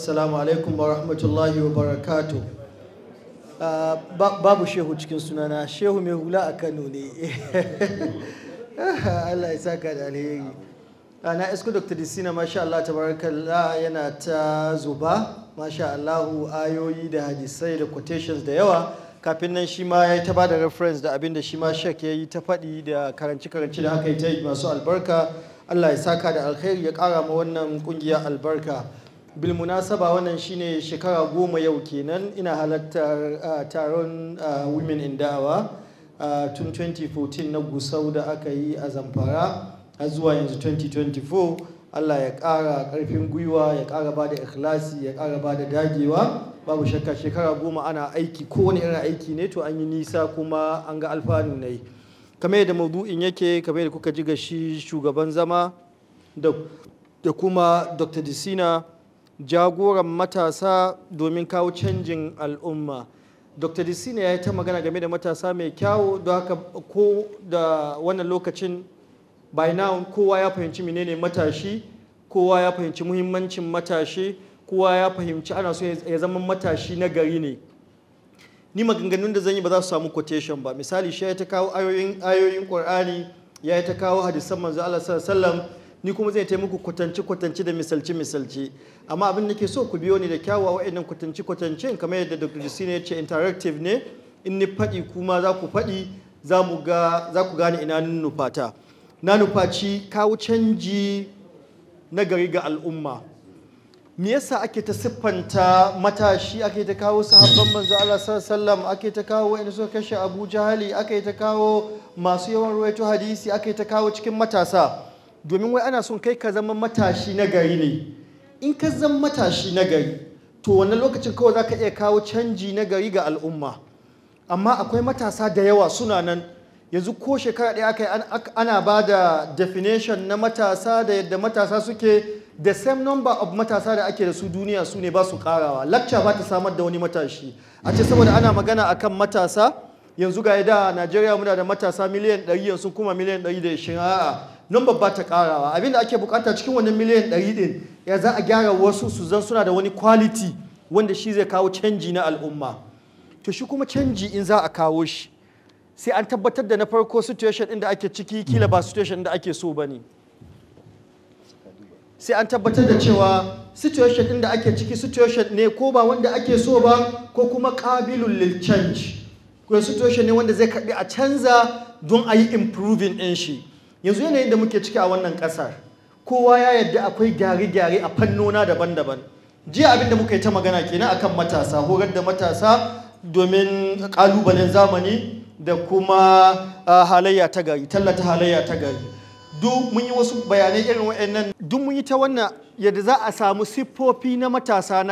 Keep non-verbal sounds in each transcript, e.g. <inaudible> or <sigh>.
Assalamu alaikum wa rahmatullahi wa barakatu. Ah, babu shehu cikin sunana, shehu mai hula a Kano ne. <laughs> Ah, Allah ya saka da alheri. Ah, na isko Dr. Disina masha Allah tabarakallah yana ta zuba, masha Allahu ayoyi da hadisai da quotations da yawa. Kafin nan shi ma ya yi ta ba da reference da abin da shi ma shek ya yi ta faɗi da karanci-karanci da aka yi ta yi masu albarka. Allah ya saka da alheri ya ƙara ma wannan ƙungiya albarka. bilmunasaba wannan shine shekara goma yau kenan ina halartar taron women in da'awa tun 2014 na gusau da aka yi a zamfara har zuwa yanzu 2024 allah ya kara karfin gwiwa ya ƙara ba da ikhlasi ya ƙara ba da dagewa babu shakka shekara goma ana aiki ko Wani irin aiki ne to an yi nisa kuma an ga alfanu na yi kamar yadda maudu'in yake kamar da kuka ji ga shi shugaban zama da kuma dr disina jagoran matasa domin kawo canjin al'umma dr disina ya yi ta magana game da matasa mai kyawo don haka ko da wannan lokacin by now kowa ya fahimci menene matashi kowa ya fahimci muhimmancin matashi kowa ya fahimci ana so ya zama matashi na gari ne ni maganganun da zan yi ba za su samu quotation ba misali shi ya ta kawo ayoyin ayoyin qur'ani ya ta kawo hadisan manzo Allah sallallahu alaihi wasallam ni kuma zai taimaku kwatanci kwatanci da misalci misalci amma abin da ke so ku biyo ni da kyawawa idan kwatanci kwatancin kamar yadda Dr. Jusina ya ce interactive ne in ni faɗi kuma za ku faɗi za ku gane ina nufata na nufaci kawo canji na gari ga al'umma me yasa ake ta siffanta matashi ake ta kawo sahabban manzo Allah sallallahu ake ta kawo inda suka kashe Abu Jahali ake ta kawo masu yawan ruwaito hadisi ake ta kawo cikin matasa domin wai ana son kai ka zama matashi na gari ne in ka zama matashi na gari to wannan lokacin kawai za ka iya kawo canji na gari ga al'umma amma akwai matasa da yawa suna nan yanzu ko shekara ɗaya aka yi ana ba da definition na matasa da yadda matasa suke the same number of matasa da ake da su duniya su ne ba su karawa lacca ba ta samar da wani matashi a ce saboda ana magana akan matasa yanzu ga da najeriya muna da matasa miliyan 100 yanzu kuma miliyan 120 a'a nan babba ta karawa abin da ake bukata cikin wannan miliyan 100 din ya za a gyara wasu su zan suna da wani kwaliti wanda shi zai kawo canji na al'umma to shi kuma canji in za a kawo shi sai an tabbatar da na farko situation inda ake ciki kila ba situation da ake so bane sai an tabbatar da cewa situation inda da ake ciki situation ne ko ba wanda ake so ba ko kuma kabilun lil change ko situation ne wanda zai kaɗi a canza don a yi improving din shi yanzu yanayin da muke ciki a wannan ƙasar kowa ya yadda akwai gyare-gyare a fannona daban-daban jiya abin da muka yi ta magana kenan akan matasa horar da matasa domin ƙalubalen zamani da kuma ah, halayya ta gari tallata halayya ta gari duk mun yi wasu bayanai irin wa'annan duk mun yi ta wannan yadda za a samu siffofi na matasa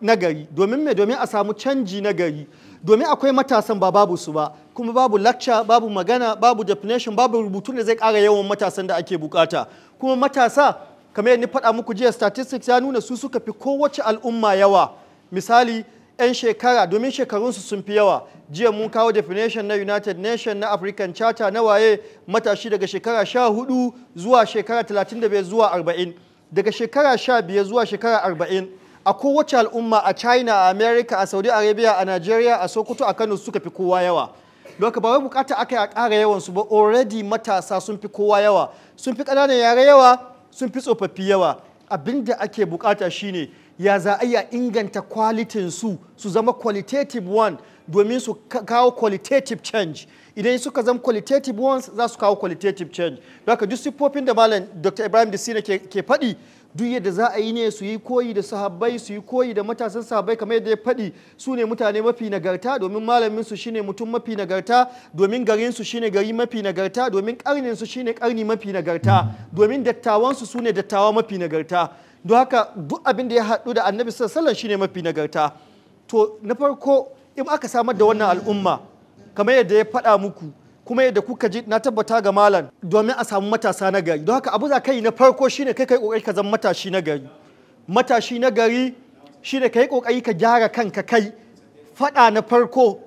na gari domin me domin a samu canji na gari domin akwai matasan ba babu su ba kuma babu lacca babu magana babu definition babu rubutu da zai kara yawan matasan da ake bukata kuma matasa kamar yadda faɗa muku jiya statistics ya nuna su suka fi kowace al'umma yawa misali 'yan shekara domin shekarunsu sun fi yawa jiya mun kawo definition na united nation na african charter na waye matashi daga shekara 14 zuwa shekara 35 zuwa 40 daga shekara 15 zuwa shekara 40 a kowace al'umma a china a america a saudi arabia a nigeria a sokoto a kano suka fi kowa yawa doka ba bukata aka yi a kara yawan su ba already matasa sun fi kowa yawa sun fi ƙananan yare yawa sun fi tsofaffi yawa abinda ake bukata shine ya za a iya inganta kwalitin su su zama qualitative one domin su kawo qualitative change idan suka zama qualitative ones za su kawo qualitative change doka duk siffofin da malam dr ibrahim disina ke faɗi duk yadda za a yi ne su yi koyi da sahabbai su yi koyi da matasan sahabbai kamar yadda ya faɗi su ne mutane mafi nagarta domin malamin su shine mutum mafi nagarta domin garin su shine gari mafi nagarta domin karnin su shine karni mafi nagarta domin dattawan su sune dattawa mafi nagarta don haka duk abin da ya haɗu da annabi sallallahu shine mafi nagarta to na farko in aka samar da wannan al'umma kamar yadda ya faɗa muku kuma yadda kuka ji na tabbata ga malam domin a samu matasa na gari don haka abu za ka yi na farko shine kai kai kokari ka zama matashi na gari matashi na gari shine kai kokari ka gyara kanka kai fada na farko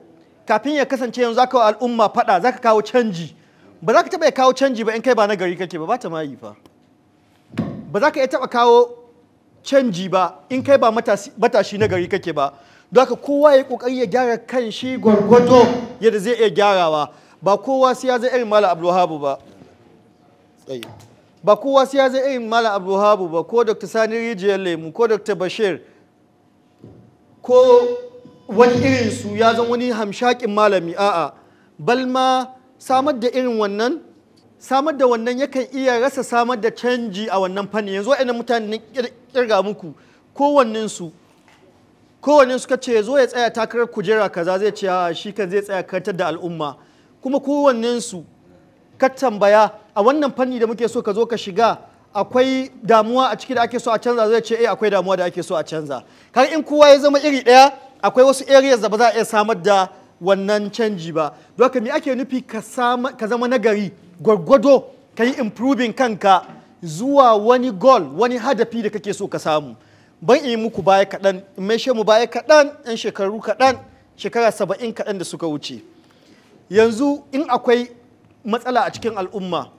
kafin ya kasance yanzu zaka wa al'umma fada zaka kawo canji ba za ka taba kawo canji ba in kai ba na gari kake ba ba ta ma fa ba za ka iya taba kawo canji ba in kai ba matashi na gari kake ba don haka kowa ya kokari ya gyara kan shi gwargwato yadda zai iya gyarawa ba kowa sai ya zai irin mala abdulhabu ba ba kowa sai ya zai irin mala abdulhabu ba ko dr sani rijiyar lemu ko dr bashir ko wani irin su ya zan wani hamshakin malami a'a balma samar da irin wannan samar da wannan yakan iya rasa samar da canji a wannan fanni yanzu wa'annan mutane kirga muku kowanninsu kowanne suka ce zo ya tsaya takarar kujera kaza zai ce shi kan zai tsaya kartar da al'umma kuma kowannensu ka tambaya a wannan fanni da muke so ka zo ka shiga akwai damuwa a ciki da ake so a canza zai ce eh akwai damuwa da ake so a canza kar in kowa ya zama iri ɗaya akwai wasu areas da ba za a iya samar da wannan canji ba don haka me ake nufi ka zama nagari gwaggwado ka yi improving kanka zuwa wani goal wani hadafi da kake so ka samu ban yi muku baya kaɗan in mai mu baya kaɗan 'yan shekaru kaɗan shekara saba'in kaɗan da suka wuce yanzu in akwai matsala a cikin al'umma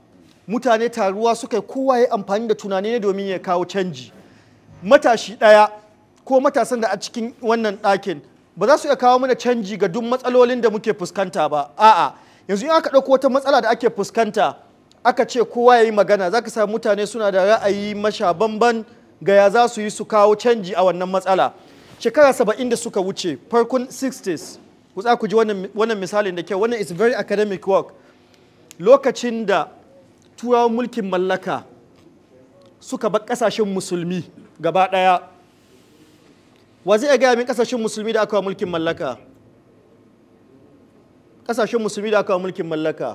mutane taruwa suka kowa ya amfani da tunani ne domin ya kawo canji matashi ɗaya ko matasan da a cikin wannan ɗakin ba za su iya kawo mana canji ga duk matsalolin da muke fuskanta ba a'a yanzu in aka ɗauko wata matsala da ake fuskanta aka ce kowa ya yi magana za ka samu mutane suna da ra'ayi masha bamban ga ya za su yi su kawo canji a wannan matsala shekara saba'in da suka wuce farkon 60s ku za ku ji wannan misalin da kyau wannan is very academic work lokacin da turawan mulkin mallaka suka bar kasashen musulmi gaba ɗaya wa zai gaya min kasashen musulmi da aka wa mulkin mallaka kasashen musulmi da aka wa mulkin mallaka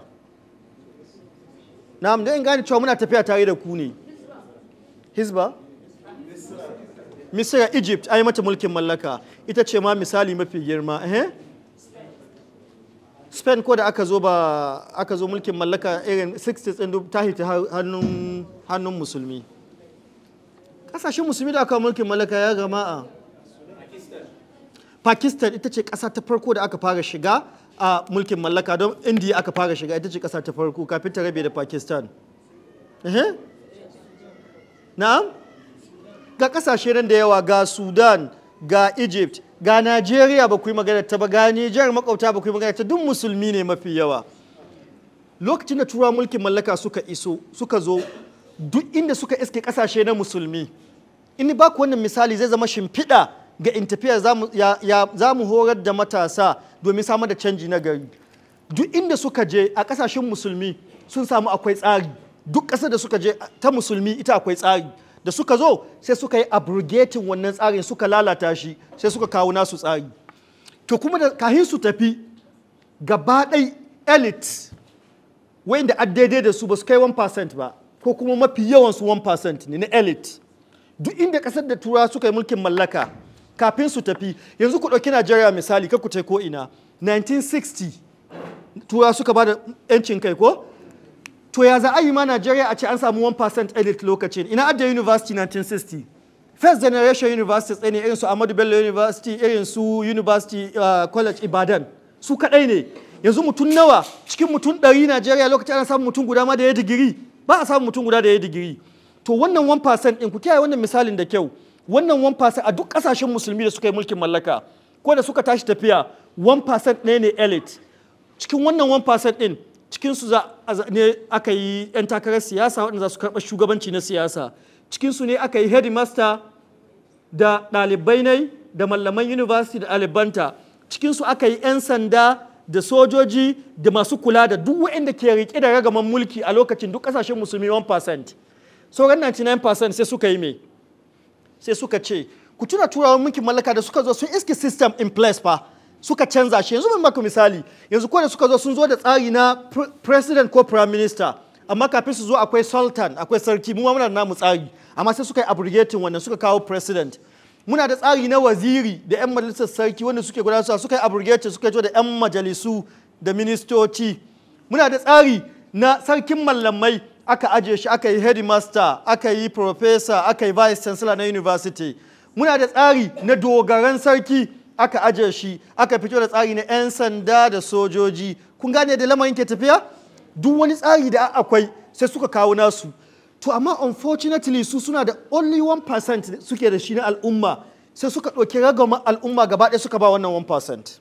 na don in gane cewa muna tafiya tare da ku ne hizba misira egypt an yi mata mulkin mallaka ita ce ma misali mafi girma eh? spain ko da aka zo ba aka zo mulkin mallaka irin 60s din ta hita hannun hannun musulmi kasashen musulmi da aka mulkin mallaka ya a pakistan ita ce ƙasa ta farko da aka fara shiga a mulkin mallaka don indiya aka fara shiga ita ce ƙasa ta farko kafin ta rabe da pakistan na'am ga kasashe nan da yawa ga sudan ga egypt ga najeriya ba ku yi magana ta ba ga nijar makauta ba ku yi magana ta duk musulmi ne mafi yawa lokacin da turawa mulkin mallaka suka iso suka zo duk inda suka iske kasashe na musulmi in ba ku wannan misali zai zama shimfiɗa ga in tafiya za mu horar da matasa domin samar da canji na gari duk inda suka je a kasashen musulmi sun samu akwai tsari duk ƙasar da suka je ta musulmi ita akwai tsari da suka zo sai suka yi abrogating wannan tsarin suka lalata shi sai suka kawo nasu tsari to kuma da kahin su tafi gaba ɗai elite wayan da daidai da su ba su kai 1% ba ko kuma mafi yawan su 1% ne na elite duk inda kasar da tura suka yi mulkin mallaka kafin su tafi yanzu ku ɗauki najeriya misali kar ku ko ina 1960 tura suka ba da 'yancin kai ko to ya za a yi ma Najeriya a ce an samu 1% elite lokacin ina adda university 1960 first generation universities ne irin su Ahmadu Bello University irin su University uh, College Ibadan su kadai ne yanzu mutum nawa cikin mutum 100 Najeriya lokacin ana samun mutum guda ma da ya digiri ba a samun mutum guda da ya digiri to wannan 1% din ku kiyaye wannan misalin da kyau wannan 1% a duk kasashen musulmi da suka yi mulkin mallaka ko da suka tashi tafiya 1% ne ne elite cikin wannan 1% din cikinsu ne aka yi 'yan takarar siyasa waɗanda za su karɓar shugabanci na siyasa cikinsu ne aka yi headmaster da ɗalibai nai da mallaman university da ɗalibanta cikinsu aka yi 'yan sanda da sojoji da masu kula da duk waɗanda ke rike da ragaman mulki a lokacin duk ƙasashen musulmi 1% sauran 99% sai suka yi me sai suka ce ku tuna turawan mulkin mallaka da suka zo sun iski system in place fa suka canza shi yanzu ban maka misali yanzu ko da suka zo sun zo da tsari na president ko prime minister amma kafin su zo akwai sultan akwai sarki mu muna da namu tsari amma sai suka yi abrogating wannan suka kawo president muna da tsari na waziri da yan majalisar sarki wanda suke gudanarwa suka yi abrogating suka yi da yan majalisu da ministoci muna da tsari na sarkin mallamai aka ajiye shi aka yi headmaster aka yi professor aka yi vice chancellor na university muna da tsari na dogaran sarki aka aje shi aka fito da tsari na 'yan sanda da sojoji kun gane da lamarin ke tafiya duk wani tsari da akwai sai suka kawo nasu to amma unfortunately su suna da only 1% suke da shi na al'umma sai suka ɗauki ragama al'umma gaba ɗaya suka ba wannan 1%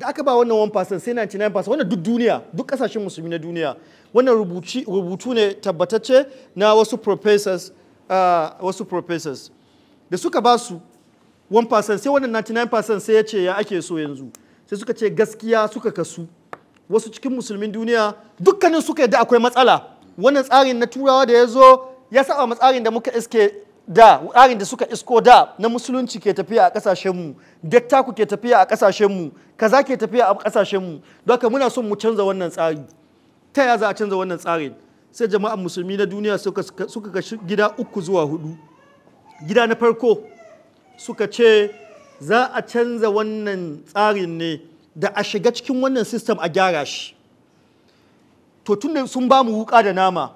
da aka ba wannan 1% sai 99% wannan duk duniya duk kasashen musulmi na duniya wannan rubutu ne tabbatacce na wasu professors uh, wasu professors da suka ba su 1% sai wannan 99% sai ya ce ya ake so yanzu sai suka ce gaskiya suka kasu wasu cikin musulmin duniya dukkanin suka yadda akwai matsala wannan tsarin na turawa da ya zo ya saba ma tsarin da muka iske da tsarin da suka isko da na musulunci ke tafiya a kasashenmu ku ke tafiya a kasashenmu kaza ke tafiya a kasashenmu don haka muna son mu canza wannan tsari ta ya za a canza wannan tsarin sai jama'an musulmi na duniya suka kashi gida uku zuwa hudu gida na farko suka ce za a canza wannan tsarin ne da a shiga cikin wannan sistem a gyara shi to tun da sun ba mu wuka da nama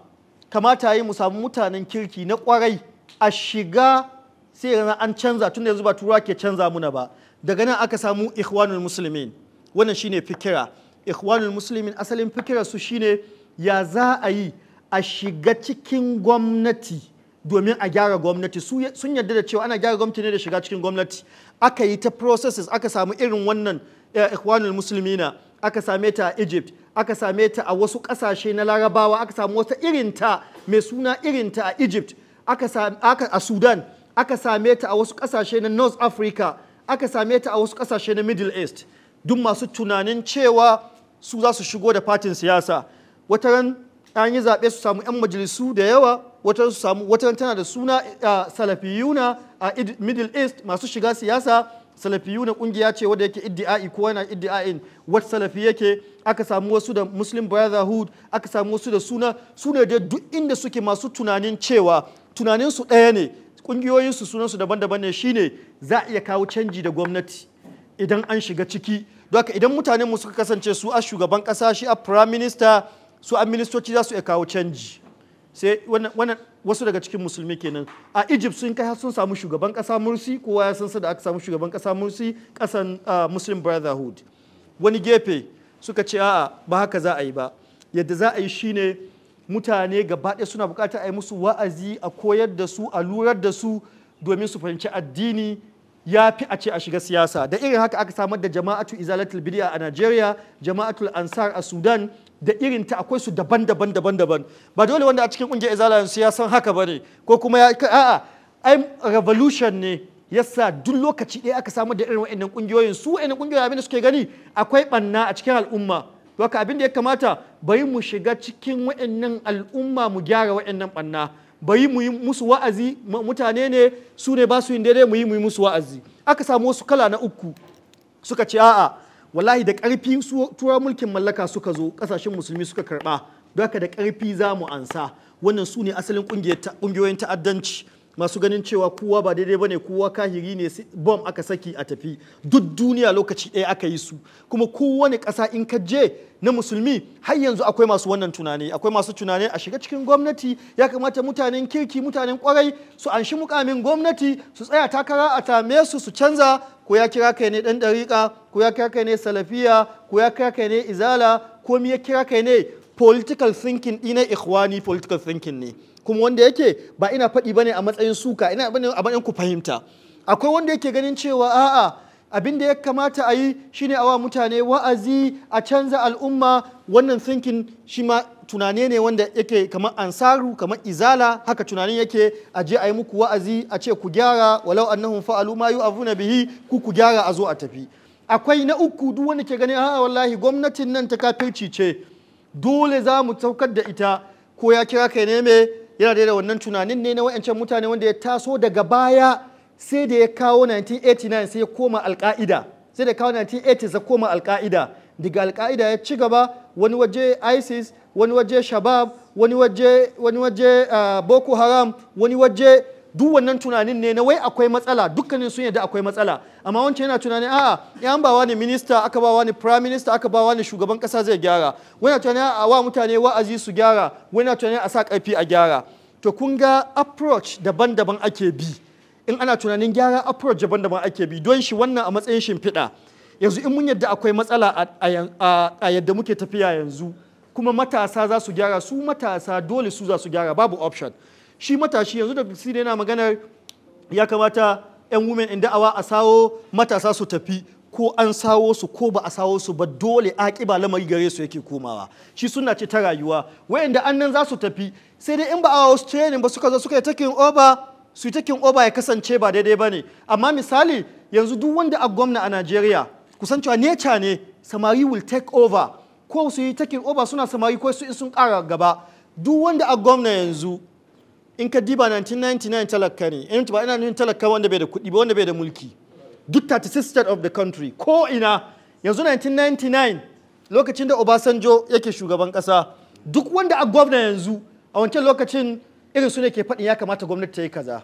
kamata yi mu samu mutanen kirki na kwarai a shiga sai yana an canza tun da yanzu ba tura ke canza muna ba daga nan aka samu ikhwanul muslimin wannan shine fikira ikhwanul muslimin asalin fikira su shine ya za a yi a shiga cikin gwamnati domin a gyara gwamnati sun yarda da cewa ana gyara gwamnati ne da shiga cikin gwamnati aka yi ta processes aka samu irin wannan eh, ikhwanul muslimina aka same ta a egypt aka same ta a wasu kasashe na larabawa aka samu wata irinta mai suna irinta a egypt a sudan aka same ta a wasu kasashe na north africa aka same ta a wasu kasashe na middle east duk masu tunanin cewa su za su shigo da fatin siyasa wata ran an yi zaɓe su samu 'yan majalisu da yawa wata su samu wata tana da suna salafiyuna a middle east masu shiga siyasa salafiyuna kungiya ce wadda yake iddi'ai ko yana iddi'ain wata salafi yake aka samu wasu da muslim brotherhood aka samu wasu da suna suna da duk inda suke masu tunanin cewa tunanin su ɗaya ne kungiyoyin su sunan su daban-daban ne shine za a iya kawo canji da gwamnati idan an shiga ciki don idan mutanen mu suka kasance su a shugaban kasa shi a prime minister su a ministoci za su iya kawo canji sai wannan wasu daga cikin musulmi kenan a egypt sun kai sun samu shugaban kasa mursi kowa ya san da aka samu shugaban kasa mursi kasan muslim brotherhood wani gefe suka ce a'a ba haka za a yi ba yadda za a yi shine mutane gaba ɗaya suna buƙatar a yi musu wa'azi a koyar da su a lurar da su domin su fahimci addini ya fi a ce a shiga siyasa da irin haka aka samar da jama'atu izalatul bidi'a a Najeriya jama'atul ansar a Sudan da irin ta akwai su daban-daban daban-daban ba dole wanda a cikin kungiyar izala yanzu ya san haka bane ko kuma ya a'a ai revolution ne yasa duk lokaci ɗaya aka samu da irin wa'annan kungiyoyin su wa'annan kungiyoyin abin da suke gani akwai banna a cikin al'umma to haka abin da ya kamata bari mu shiga cikin wa'annan al'umma mu gyara wa'annan banna bari mu yi musu wa'azi mutane ne su ne ba su yin daidai mu yi mu yi musu wa'azi aka samu wasu kala na uku suka ce a'a wallahi da ƙarfi tura mulkin mallaka suka zo ƙasashen musulmi suka karɓa don haka da ƙarfi za mu ansa wannan su ne asalin ƙungiyoyin ta'addanci masu ganin cewa kowa ba daidai bane kowa kahiri ne bom aka saki a tafi duk duniya lokaci ɗaya aka yi su kuma kowane ƙasa in ka je na musulmi har yanzu akwai masu wannan tunani akwai masu tunani a shiga cikin gwamnati ya kamata mutanen kirki mutanen kwarai su anshi mukamin gwamnati su tsaya takara a tame su su canza ko ya kira kai ne ɗan ɗariƙa ko ya kira kai ne salafiya ko ya kira kai ne izala ko ya kira kai ne political thinking ɗina ikhwani political thinking ne kuma wanda yake ba ina faɗi bane a matsayin suka ina bane a bayan ku fahimta akwai wanda yake ganin cewa a'a abin da ya kamata a yi shine awa mutane wa'azi a canza al'umma wannan thinking shi ma tunane ne wanda yake kamar ansaru kamar izala haka tunanin yake a je a yi muku wa'azi a ce ku gyara walau annahum fa'alu ma yu'afuna bihi ku ku gyara a zo a tafi akwai na uku duk wanda ke ganin a'a wallahi gwamnatin nan ta kafirci ce dole za mu saukar da ita ko ya kira kai ne mai yana da wannan tunanin ne na wayancan mutane wanda ya taso daga baya sai da ya kawo 1989 sai ya koma alka'ida sai da kawo 1980 sai koma alka'ida daga alka'ida ya ci gaba wani waje isis wani waje shabab wani waje ah, boko haram wani waje duk wannan tunanin ne na wai akwai matsala dukkanin sun yadda akwai matsala amma wancan yana tunanin a'a yan ba wani minista aka ba wani prime minister aka ba wani shugaban kasa zai gyara wani tunanin a wa mutane wa'azi su gyara wani tunanin a sa karfi a gyara to kun ga approach daban-daban ake bi in ana tunanin gyara approach daban-daban ake bi don shi wannan a matsayin shimfiɗa yanzu in mun yadda akwai matsala a yadda muke tafiya yanzu kuma matasa za su gyara su matasa dole su za su gyara babu option shi matashi yanzu da bisiri yana maganar ya kamata 'yan women in da'awa a sawo matasa su tafi ko an sawo su ko ba a sawo su ba dole aƙiba lamari gare su yake komawa shi suna ce ta rayuwa wayanda annan za su tafi sai dai in ba a wasu training ba suka zo suka yi takin oba su yi takin oba ya kasance ba daidai ba ne amma misali yanzu duk wanda a gwamna a najeriya kusan cewa neca ne samari will take over ko su yi takin oba suna samari ko su in sun ƙara gaba duk wanda a gwamna yanzu in ka diba 1999 talaka ne in ba ina nuna talaka wanda bai da kuɗi ba wanda bai da mulki duk 36 state of the country ko ina yanzu 1999 lokacin da obasanjo yake shugaban kasa duk wanda a gwamna yanzu a wancan lokacin irin su ne ke faɗin ya kamata gwamnati ta yi kaza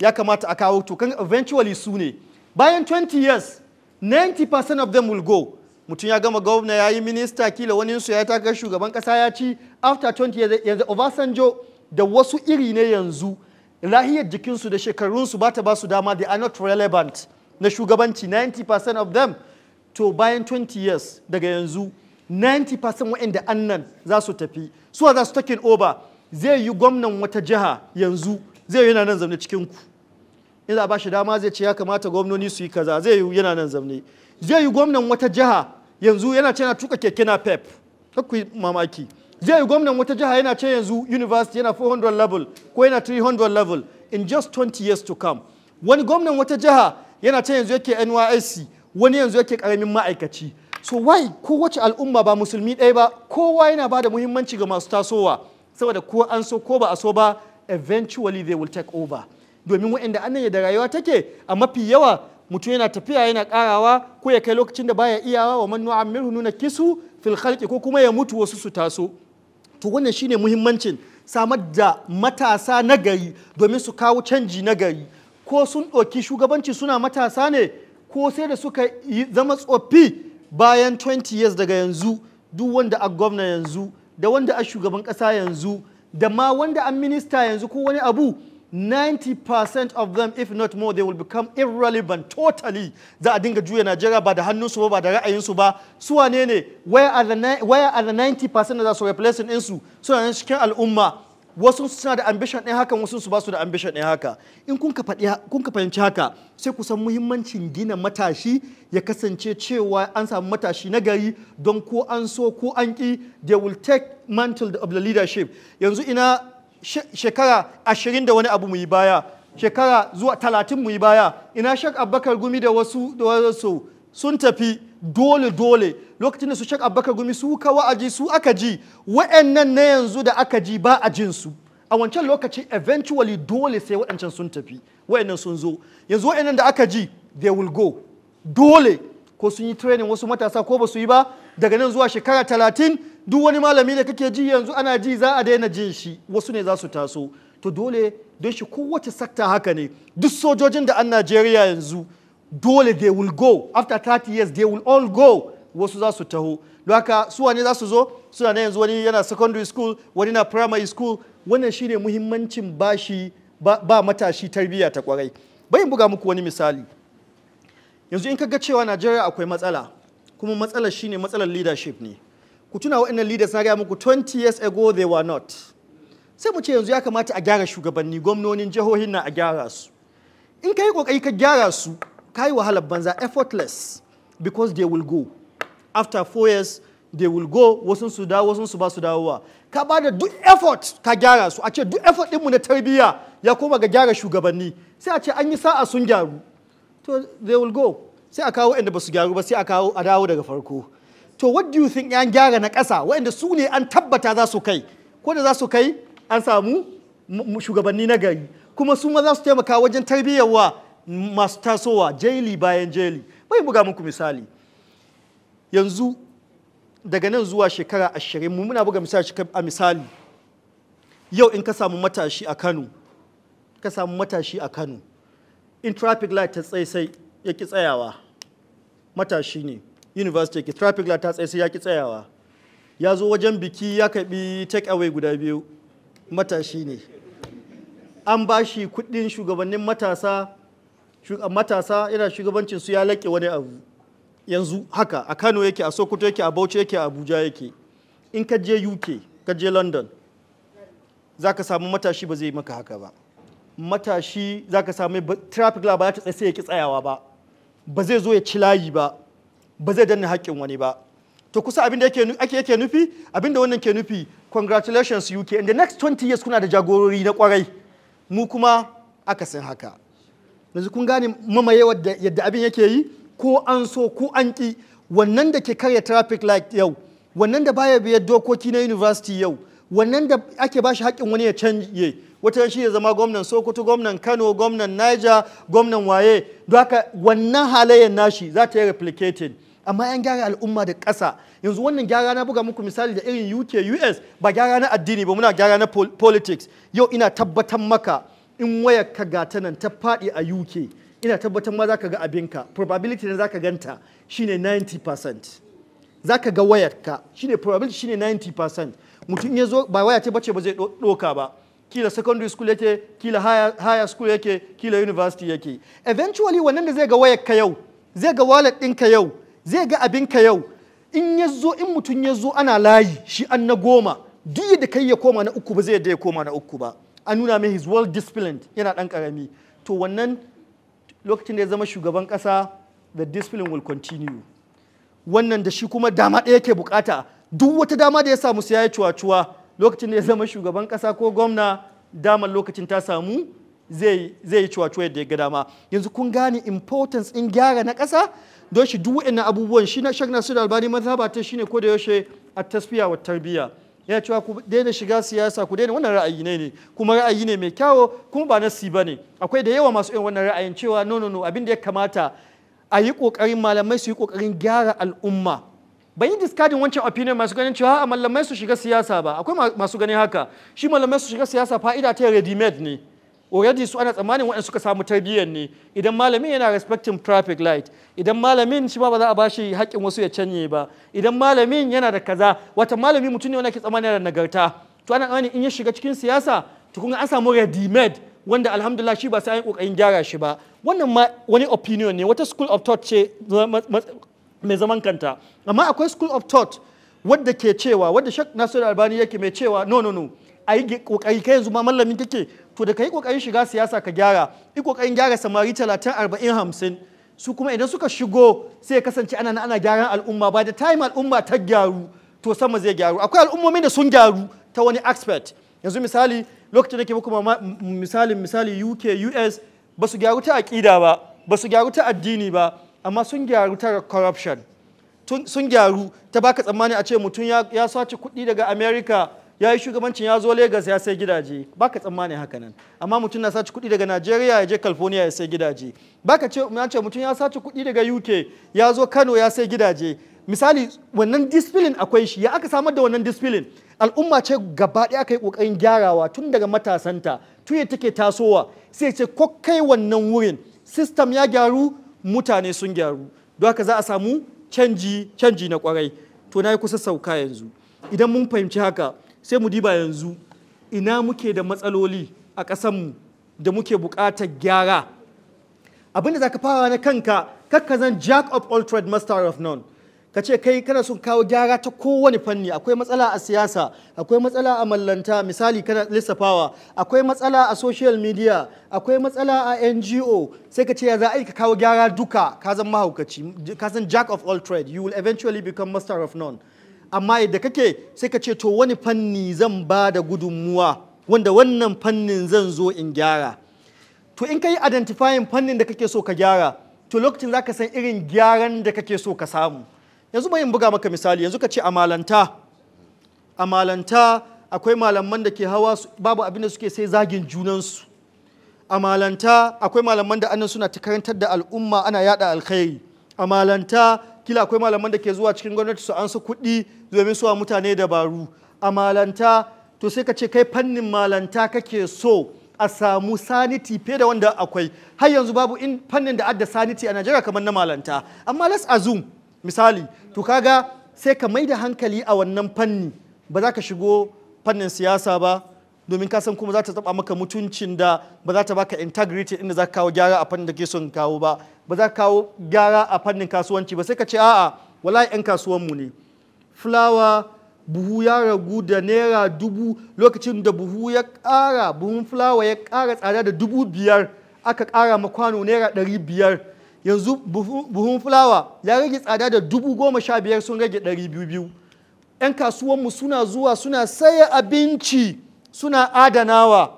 ya kamata a kawo to kan eventually su ne bayan 20 years 90% of them will go mutum ya gama gwamna ya yi minista kila wani su ya taka shugaban kasa ya ci after 20 years yanzu obasanjo da wasu iri ne yanzu lahiyar jikinsu da shekarunsu ba ta ba su dama they are not relevant na shugabanci 90% of them to bayan 20 years daga yanzu 90% waɗanda annan za su tafi suwa za su takin over zai yi gwamnan wata jiha yanzu zai yi yana nan zamne cikin ku in za ba shi dama zai ce ya kamata gwamnoni su yi kaza zai yi yana nan zamne zai yi gwamnan wata jiha yanzu yana ce yana tuka keke na pep mamaki zai gwamnan wata jiha yana ce yanzu university yana 400 level ko yana 300 level in just 20 years to come wani gwamnan wata jiha yana ce yanzu yake NYSC wani yanzu yake karamin ma'aikaci so why kowace al'umma ba musulmi ɗaya ba kowa yana ba da muhimmanci ga masu tasowa saboda ko an so ko ba a so ba eventually they will take over domin waɗanda annan da rayuwa take a mafi yawa mutum yana tafiya yana karawa ko ya kai lokacin da baya iyawa wa man amir nuna kisu fil khalqi ko kuma ya mutu wasu su taso to wannan shine muhimmancin samar da matasa na gari domin su kawo canji na gari ko sun ɗauki shugabanci suna matasa ne ko sai da suka zama tsofi bayan 20 years daga yanzu duk wanda a gwamna yanzu da wanda a shugaban ƙasa yanzu da ma wanda an minista yanzu ko wani abu 90% of them if not more they will become irrelevant totally za a dinga juya Najeriya ba da hannunsu ba ba da ra'ayinsu ba su wane ne where are the are 90% su replace suna nan cikin al'umma wasu suna da ambition ɗin haka wasu su ba su da ambition ɗin haka in kun ka fahimci haka sai ku san muhimmancin gina matashi ya kasance cewa an samu matashi na gari don ko an so ko an ƙi they will take mantle of the leadership yanzu ina shekara ashirin da wani abu mu yi baya shekara zuwa talatin mu yi baya ina shak abakar gumi da wasu da wasu sun tafi dole dole lokacin da su shak abakar gumi su ka wa'aji su aka ji wa'annan na yanzu da aka ji ba a jin a wancan lokaci eventually dole sai waɗancan sun tafi wa'annan sun zo yanzu wa'annan da aka ji they will go dole ko sun yi training wasu matasa ko ba su yi ba daga nan zuwa shekara talatin duk wani malami da kake ji yanzu ana ji za a daina jin shi wasu ne za su taso to dole don shi kowace sakta haka ne duk sojojin da an Najeriya yanzu dole they will go after 30 years they will all go wasu za su taho don haka su wane za su zo suna na yanzu wani yana secondary school wani na primary school wannan shine muhimmancin bashi ba, ba matashi tarbiyya ta kwarai bayin buga muku wani misali yanzu in ka ga cewa Najeriya akwai matsala kuma matsalar shine matsalar leadership ne ku tuna waɗannan leaders na gaya muku 20 years ago they were not sai mu ce yanzu ya kamata a gyara shugabanni gwamnonin jihohin na a gyara su in ka yi kokari ka gyara su ka yi wahalar banza effortless because they will go after four years they will go wasu su dawo wasu su ba su dawowa ka ba da duk effort ka gyara su a ce duk effort ɗinmu na tarbiyya ya koma ga gyara shugabanni sai a ce an yi sa'a sun gyaru to they will go sai a kawo inda ba su gyaru ba sai a kawo a dawo daga farko to what do you think yan gyara na ƙasa waɗanda su ne an tabbata za su kai ko da za su kai an samu shugabanni na gari kuma su ma za su taimaka wajen tarbiyyar wa masu tasowa jeli bayan jeli bai buga muku misali yanzu daga nan zuwa shekara ashirin mu muna buga misali a misali yau in ka samu matashi a kano ka samu matashi a kano in traffic light ta tsaye sai ya ki tsayawa matashi ne university ke traffic light ta tsaye sai ya ki tsayawa ya zo wajen biki ya kaɓi take away guda biyu matashi ne an ba shi kuɗin shugabannin matasa matasa yana shugabancin su ya laƙe wani abu yanzu haka a kano yake a sokoto yake a bauchi yake a abuja yake in ka je uk ka je london za ka samu matashi ba zai maka haka ba matashi za ka samu traffic light ba ya ta tsaye sai ya ki tsayawa ba ba zai zo ya ci layi ba ba zai danna haƙƙin wani ba to kusa abin da ake yake nufi abin da wannan ke nufi congratulations UK in the next 20 years kuna da jagorori na kwarai mu kuma aka akasin haka yanzu kun gane mamaye yadda abin yake yi ko an so ko an ki wannan da ke karya traffic light yau wannan da baya biyar dokoki na university yau wannan da ake bashi haƙƙin wani ya canje wata shi ya zama gwamnan sokoto gwamnan kano gwamnan niger gwamnan waye don haka wannan halayen nashi za ta yi replicating. amma an gyara al'umma da ƙasa yanzu wannan gyara na buga muku misali da irin UK US ba gyara na addini ba muna gyara na politics yau ina tabbatar maka in wayar ka gata nan ta faɗi a UK ina tabbatar ma za ka ga abinka probability na zaka ganta shine 90% ka ga ka shine probability shine 90% mutum ya zo ba waya ce bace ba zai ɗoka ba kila secondary school yake kila higher, higher school yake kila university yake eventually wannan da zai ga ka yau zai ga wallet ɗinka yau zai ga abinka yau in ya in mutum ya zo ana layi shi an na goma duk yadda kai ya koma na uku ba zai yadda ya koma na uku ba an nuna mai his well disciplined yana dan karami to wannan lokacin da ya zama shugaban kasa the discipline will continue wannan da shi kuma dama ɗaya yake bukata duk wata dama da ya samu sai ya cuwa-cuwa lokacin da ya zama shugaban kasa ko gwamna damar lokacin ta samu zai yi cuwa-cuwa yadda ya ga dama yanzu kun gane importance in gyara na kasa Doshi shi duk na abubuwan shi na shak na nasir albani mazhaba ta shine ko da yaushe a tasfiya wa tarbiya yana cewa ku daina shiga siyasa ku daina wannan ra'ayi ne ne kuma ra'ayi ne mai kyawo kuma ba nasi ba ne akwai da yawa masu irin wannan ra'ayin cewa no no abin da ya kamata a yi ƙoƙarin malamai su yi ƙoƙarin gyara al'umma ban yi discarding wancan opinion masu ganin cewa a malamai su shiga siyasa ba akwai masu ganin haka shi malamai su shiga siyasa fa'ida ta ready made ne already su ana tsammanin waɗanda suka samu tarbiyyar ne idan malamin yana respecting traffic light idan malamin shi ma ba za a bashi haƙƙin wasu ya canye ba idan malamin yana da kaza wata malami mutum ne wanda ke tsammanin da nagarta to ana tsammanin in ya shiga cikin siyasa to kun an samu ready wanda alhamdulillah shi ba sai an kokarin gyara shi ba wannan wani opinion ne wata school of thought ce mai zaman kanta amma akwai school of thought wadda ke cewa wadda Sheikh Nasiru Albani yake mai cewa no no no a yi kokari kai yanzu ma mallamin kake to da ka yi kokarin shiga siyasa ka gyara yi kokarin gyara samari talatin arba'in hamsin su kuma idan suka shigo sai kasance ana ana gyaran al'umma ba da time al'umma ta gyaru to sama zai gyaru akwai al'ummomin da sun gyaru ta wani expert yanzu misali lokacin da ke muku misalin misali UK US ba su gyaru ta aƙida ba ba su gyaru ta addini ba amma sun gyaru ta corruption sun gyaru ta baka tsammani a ce mutum ya sace kuɗi daga America ya yi shugabancin ya zo Legas ya sai gidaje baka tsammani haka nan amma mutum na sace kuɗi daga Najeriya ya je California ya sai gidaje baka ce mun ce mutum ya sace kuɗi daga UK ya zo Kano ya sai gidaje misali wannan discipline akwai shi ya aka samar da wannan discipline al'umma ce gaba ɗaya aka yi ƙoƙarin gyarawa tun daga matasanta tun ya take tasowa sai ce ko kai wannan wurin system ya gyaru mutane sun gyaru don haka za a samu canji canji na kwarai to na yi kusa sauka yanzu idan mun fahimci haka sai mu diba yanzu ina muke da matsaloli a ƙasanmu da muke buƙatar gyara abinda za ka fara na kanka kakka zan jack of all trade master of none ka ce kai kana son kawo gyara ta kowane fanni akwai matsala a siyasa akwai matsala a mallanta misali kana lissafawa akwai matsala a social media akwai matsala a ngo sai ka ce ya za a yi ka kawo gyara duka ka zan mahaukaci ka zan jack of all trade you will eventually become master of none amma yadda kake sai ka ce to wani fanni zan ba da gudunmuwa wanda wannan fannin zan zo in gyara to in ka yi identifying fannin da kake so ka gyara to lokacin za ka san irin gyaran da kake so ka samu yanzu bayan buga maka misali yanzu ka ce amalanta amalanta akwai malaman da ke hawa babu abin da suke sai zagin junansu amalanta akwai malaman da annan suna ta karantar da al'umma ana yada alkhairi amalanta kila akwai malaman da ke zuwa cikin gwamnati su ansa kuɗi domin suwa mutane dabaru a malanta to sai ka ce kai fannin malanta kake so a samu saniti fiye da wanda akwai har yanzu babu in fannin da adda saniti a Najeriya kamar na malanta amma let's assume misali to kaga sai ka mai da hankali a wannan fanni ba za ka shigo fannin siyasa ba domin ka san kuma za ta taba maka mutuncin da ba za ta baka integrity inda za ka kawo gyara a fannin da ke son kawo ba ba za ka kawo gyara a fannin kasuwanci ba sai ka ce a'a wallahi 'yan kasuwanmu ne fulawa buhu ya ragu da naira dubu lokacin da buhu ya ƙara buhun fulawa ya ƙara tsada da dubu biyar aka ƙara makwano naira ɗari biyar yanzu buhun fulawa ya rage tsada da dubu goma sha biyar sun rage ɗari biyu biyu 'yan kasuwanmu suna zuwa suna saya abinci suna adanawa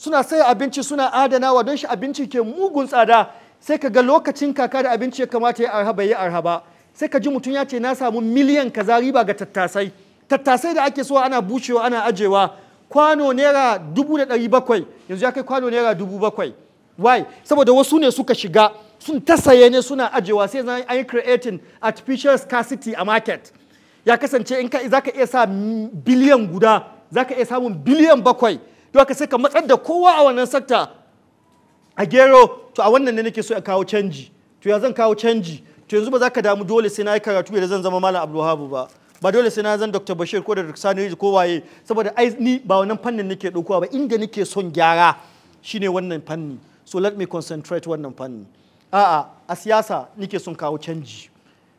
suna saya abinci suna adanawa don shi abinci ke mugun tsada sai ka ga lokacin kaka da abinci ya kamata ya arha bai yi arha ba sai ka ji mutum ya ce na samu miliyan kaza riba ga tattasai tattasai da ake so ana bushewa ana ajewa kwano naira dubu da ɗari bakwai yanzu ya kai kwano naira dubu bakwai why saboda wasu ne suka shiga sun ta saye ne suna ajewa sai zan an creating artificial scarcity a market ya kasance in ka za ka iya sa biliyan guda za ka iya samun biliyan bakwai don haka sai ka matsar da kowa a wannan sakta a gero to a wannan ne nake so a kawo canji to ya zan kawo canji to yanzu ba za ka damu dole sai na yi karatu da zan zama malam abdulhabu ba ba dole sai na zan dr bashir ko da sani ko waye saboda ai ni ba wannan fannin nake dokuwa ba inda nake son gyara shine wannan fanni so let me concentrate wannan fanni a'a a siyasa nake son kawo canji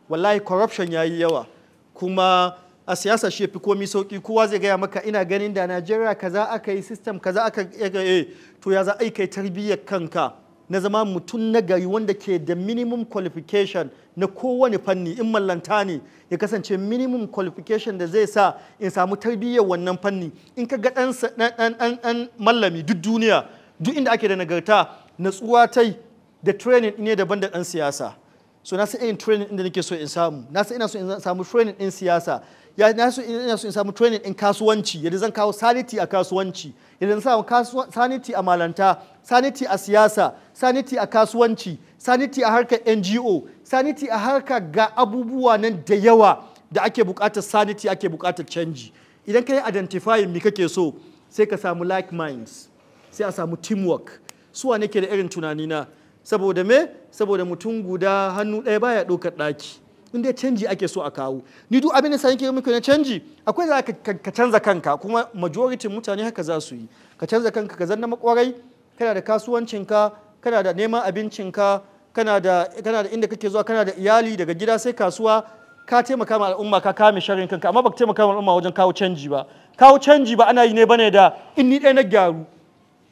wallahi corruption yayi yawa kuma a siyasa shi fi komi sauki kowa zai gaya maka ina ganin da najeriya kaza aka yi system kaza aka yi eh, eh, eh. to ya za aikai tarbiyyar kanka na zama mutum na gari wanda ke da minimum qualification na kowane fanni in mallanta ne ya kasance minimum qualification da zai sa in samu tarbiyyar wannan fanni in ka ga ɗan mallami duk duniya duk inda ake da nagarta tsuwa tai da training ne daban da ɗan siyasa so na san in training inda nake so in samu na san ina so in samu training din siyasa ya na so ina so in samu training din kasuwanci yadda zan kawo sanity a kasuwanci yadda zan samu sanity a malanta saniti a siyasa saniti a kasuwanci saniti a harkar ngo saniti a harkar ga abubuwa nan da yawa da ake bukatar saniti ake bukatar canji idan ka yi identifying mi kake so sai ka samu like minds sai a samu teamwork suwa ke da irin tunanina saboda me saboda mutum guda hannu ɗaya baya ɗaukar ɗaki in dai canji ake so a kawo ni duk abin da sai yake muku na canji akwai za ka canza kanka kuma majoritin mutane haka za su yi ka canza kanka ka zanna makwarai kana da kasuwancinka kana da neman abincinka kana da da inda kake zuwa kana da iyali daga gida sai kasuwa ka taimaka ma al'umma ka kame sharrin kanka amma baka taimaka ma al'umma wajen kawo canji ba kawo canji ba ana yi ne bane da in ni ɗaya na gyaru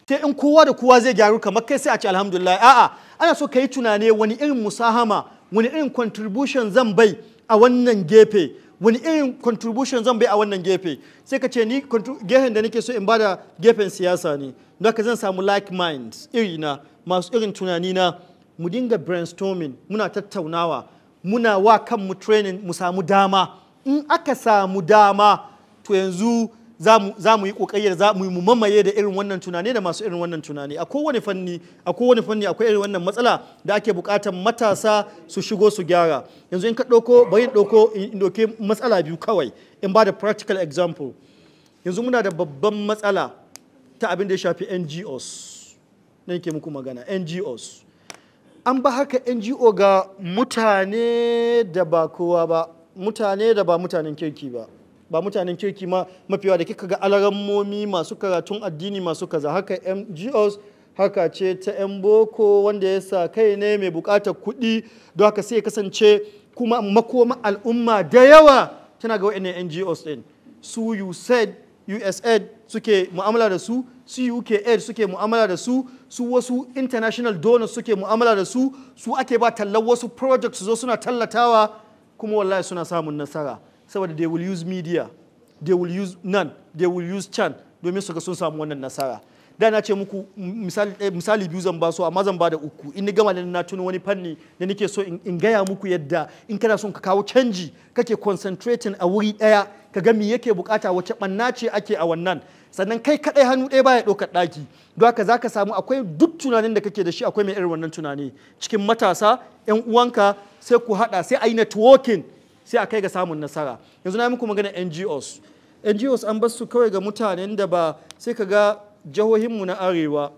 sai in kowa da kowa zai gyaru kamar kai sai a ce alhamdulillah a'a ana so ka yi tunane wani irin musahama wani irin contribution zan bai a wannan gefe wani irin contribution zan bai a wannan gefe sai ka ce ni gefen da nake so in bada gefen siyasa ne don ka zan samu like iri na masu irin tunani na mu dinga brainstorming muna tattaunawa muna wa kanmu training mu samu dama in aka samu dama to yanzu za mu yi ƙoƙayyar za mu mamaye da irin wannan tunani da masu irin wannan tunani a kowane fanni a kowane fanni akwai irin wannan matsala da ake bukatar matasa su shigo su gyara yanzu in ka ɗauko bari ɗauko in doke matsala biyu kawai in ba da practical example yanzu muna da babban matsala ta abin da ya shafi NGOs nan ke muku magana NGOs an ba haka NGO ga mutane da ba kowa ba mutane da ba mutanen kirki ba ba mutanen kirki ma mafiwa da kika ga alarammomi masu karatun addini masu kaza haka ngos haka ce ta 'yan boko wanda ya sa kai ne mai bukatar kuɗi don haka sai ya kasance kuma makoma al'umma da yawa tana ga wa'in ngos din su usaid usaid suke mu'amala da su su ukaid suke mu'amala da su su wasu international donors suke mu'amala da su su ake ba tallar wasu projects zo suna tallatawa kuma wallahi suna samun nasara saboda they will use media they will use nan they will use chan domin su ga sun samu wannan nasara da na ce muku eh, misali biyu zan ba su amma zan ba da uku in ni gama da na tuno wani fanni da nake so in gaya muku yadda in kana son ka kawo canji kake concentrating a wuri daya ka ga me yake bukata wace banna ce ake a wannan sannan kai kadai hannu ɗaya baya ɗaukar ɗaki don haka zaka samu akwai duk tunanin da kake da shi akwai mai irin wannan tunani cikin matasa yan uwanka sai ku haɗa sai a yi networking sai a kai ga samun nasara yanzu na yi muku magana ngos ngos an basu kawai ga mutanen da ba sai ka ga jihohinmu na arewa